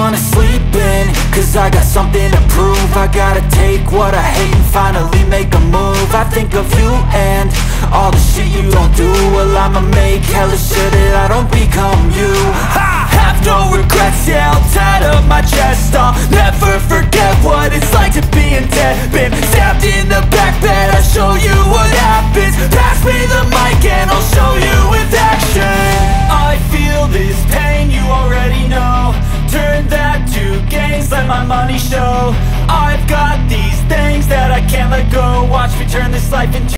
wanna sleep in Cause I got something to prove I gotta take what I hate and finally make a move I think of you and all the shit you don't do Well I'ma make hella sure that I don't become you I have no regrets, yeah I'll tie up my chest I'll never forget what it's like to be in debt Been stabbed in the back, back let my money show I've got these things that I can't let go Watch me turn this life into